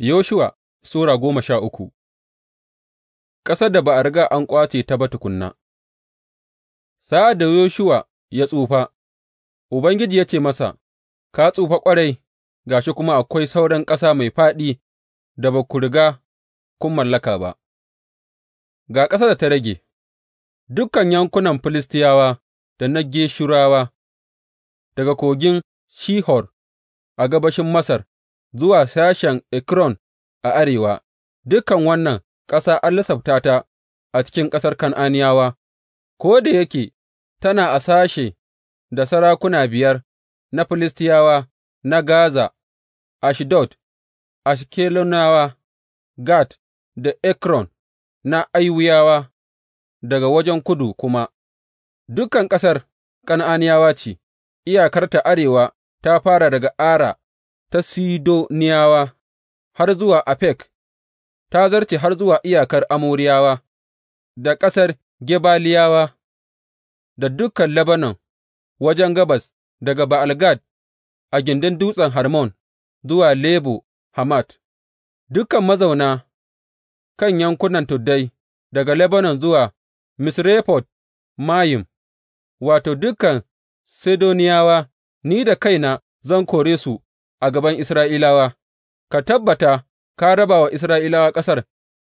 Yoshuwa Sura goma sha uku Ƙasar da ba a riga an ƙwace ta ba tukunna Sa'ad da Yoshuwa ya tsufa, Ubangiji ya ce masa, Ka tsufa ƙwarai, ga shi kuma akwai sauran ƙasa mai fāɗi da ba ku riga kun mallaka ba, ga ƙasar da ta rage, dukkan yankunan Filistiyawa da na Geshurawa, daga kogin Shihor a gabashin Masar zuwa sashen Ekron a arewa, dukan wannan ƙasa an lissafta ta a cikin ƙasar Kan'aniyawa, ko da yake tana a sashe da sarakuna biyar na Filistiyawa na Gaza, Ashdod, Ashkelonawa, Gat da Ekron na Aiwiyawa daga wajen kudu kuma, dukan ƙasar Kan'aniyawa ce, iyakarta arewa ta fara daga Ara. ta Sidoniyawa har zuwa Afek, ta zarce har zuwa iyakar Amoriyawa, da ƙasar Gebaliyawa, da dukan Lebanon wajen gabas daga Ba'algad a gindin Dutsen Harmon zuwa Lebo Hamat, dukan mazauna kan yankunan tuddai daga Lebanon zuwa Misrefot Mayim, wato, dukan Sidoniyawa, ni da kaina zan kore su. a gaban Isra'ilawa, ka tabbata ka raba wa Isra'ilawa ƙasar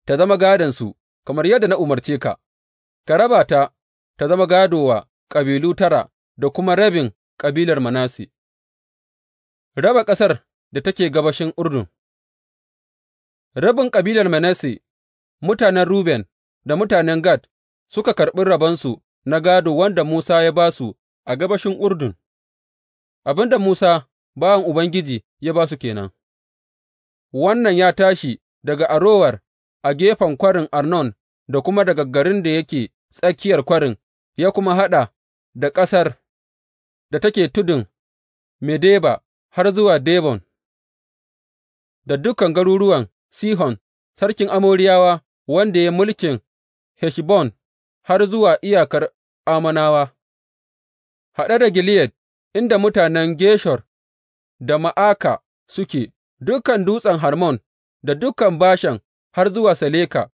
ta zama gādonsu kamar yadda na umarce ka, ka raba ta ta zama gādo wa kabilu tara da kuma rabin kabilar Manasse. Raba ƙasar da take gabashin Urdun Rabin kabilar Manasse, mutanen Ruben da mutanen Gad suka karɓi rabonsu na gado wanda Musa ya ba su a gabashin Urdun, abin da Musa bawan Ubangiji ya ba su ke nan, wannan ya tashi daga Arowar a gefen kwarin Arnon da kuma daga garin da yake tsakiyar kwarin, ya kuma haɗa da ƙasar da take tudun Medeba har zuwa Debon, da dukan garuruwan Sihon, sarkin Amoriyawa wanda ya mulkin Heshbon har zuwa iyakar Amonawa, haɗe da Gileyad, inda mutanen Geshur da Ma'aka suke, dukan dutsen Harmon da dukan Bashan har zuwa Saleka,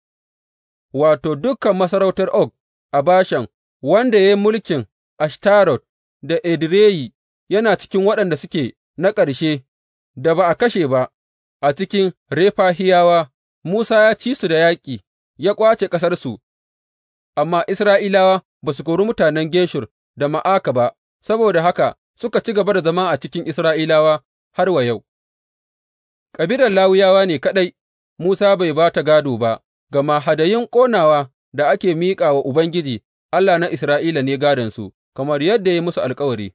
wato, dukan masarautar Og a Bashan, wanda ya yi mulkin Ashtarot da Edireyi, yana cikin waɗanda suke na ƙarshe da ba a kashe ba a cikin Refahiyawa, Musa ya ci su da yaƙi, ya ƙwace ƙasarsu, amma Isra'ilawa ba su kori mutanen Geshur da Ma'aka ba, saboda haka suka ci gaba da zama a cikin Isra'ilawa har wa yau. Kabilar Lawiyawa ne kaɗai Musa bai ba ta gādo ba, gama hadayun ƙonawa da ake miƙa wa Ubangiji Allah na Isra'ila ne gādonsu, kamar yadda ya yi musu alkawari.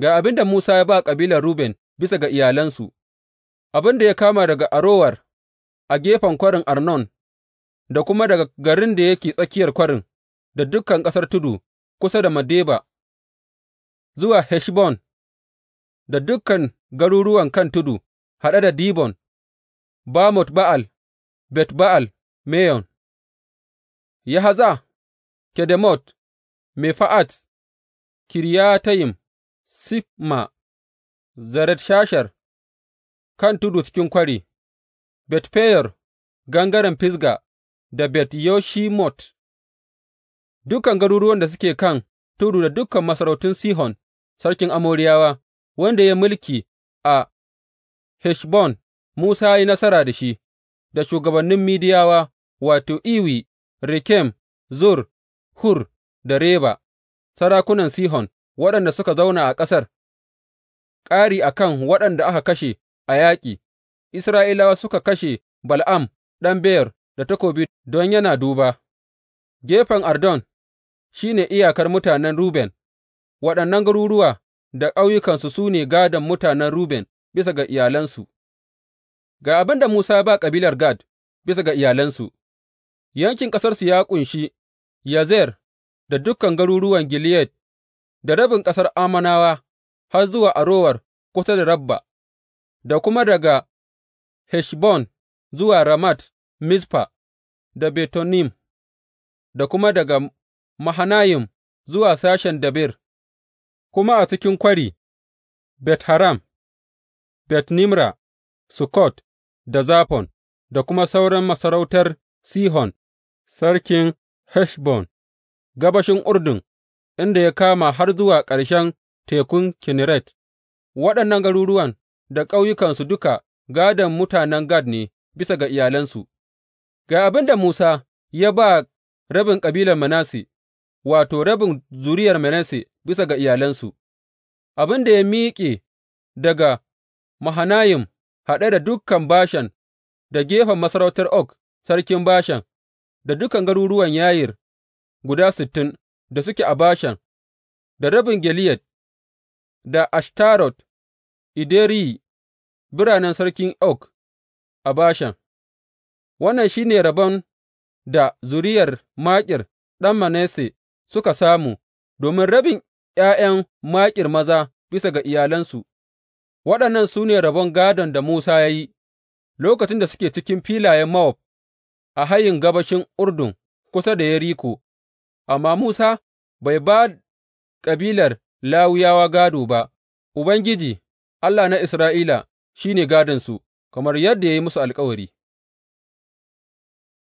Ga abin da Musa ya ba kabilar Ruben bisa ga iyalansu, abin da ya kama daga Arowar a gefen kwarin Arnon, da kuma daga garin da yake tsakiyar kwarin, da dukan ƙasar tudu kusa da Madeba, zuwa Heshbon da dukan garuruwan kan tudu haɗe da Dibon, Bamot Ba'al, Bet Ba'al Meyon, Yahaza, Kedemot, Mefa'at, Kiriyatayim, Sifma, zaret Shashar, kan tudu cikin kwari, Bet Feyor, gangaren Fisga da Bet Yoshimot, dukan garuruwan da suke kan tudu da dukan masarautun Sihon sarkin Amoriyawa, wanda ya yi mulki a Heshbon, Musa ya yi nasara da shi, da shugabannin Midiyawa, wato, Iwi, Rekem, Zur, Hur da Reba, sarakunan Sihon, waɗanda suka zauna a ƙasar, ƙari a kan waɗanda aka kashe a yaƙi, Isra'ilawa suka kashe Bal'am, ɗan Beyer da takobi don yana duba. Gefen Ardon shi ne iyakar mutanen Ruben, waɗannan garuruwa da ƙauyukansu su ne gādon mutanen Ruben bisa ga iyalansu, ga abin da Musa ba kabilar Gad bisa ga iyalansu, yankin ƙasarsu ya ƙunshi Yazer da dukan garuruwan Gileyad da rabin ƙasar Amanawa har zuwa Arowar kusa da Rabba, da kuma daga Heshbon zuwa Ramat Mizfa da Betonim, da kuma daga Mahanayim zuwa sashen Debir, kuma a cikin kwari, Bet Haram, Bet Nimra, Sukkot da Zafon, da kuma sauran masarautar Sihon sarkin Heshbon, gabashin Urdun, inda ya kama har zuwa ƙarshen tekun kineret waɗannan garuruwan da ƙauyukansu duka gādon mutanen Gad ne bisa ga iyalansu, ga abin da Musa ya ba rabin kabilar Manasse. wato, rabin zuriyar Manasse bisa ga iyalansu, abin da ya miƙe daga Mahanayim haɗe da dukan Bashan da gefen masarautar Og sarkin Bashan, da dukan garuruwan Yayir guda sittin da suke a Bashan, da rabin Gileyad, da Ashtarot, Ideri, biranen sarkin Og a Bashan. Wannan shi ne rabon da zuriyar Makir ɗan Manasse suka samu, domin rabin ’ya'yan maƙir maza bisa ga iyalansu, waɗannan su ne rabon gādon da Musa ya yi lokacin da suke cikin filayen Mowab a hayin gabashin Urdun kusa da Yeriko, amma Musa bai ba kabilar Lawiyawa gādo ba, Ubangiji, Allah na Isra'ila shi ne gādonsu, kamar yadda ya yi musu alkawari.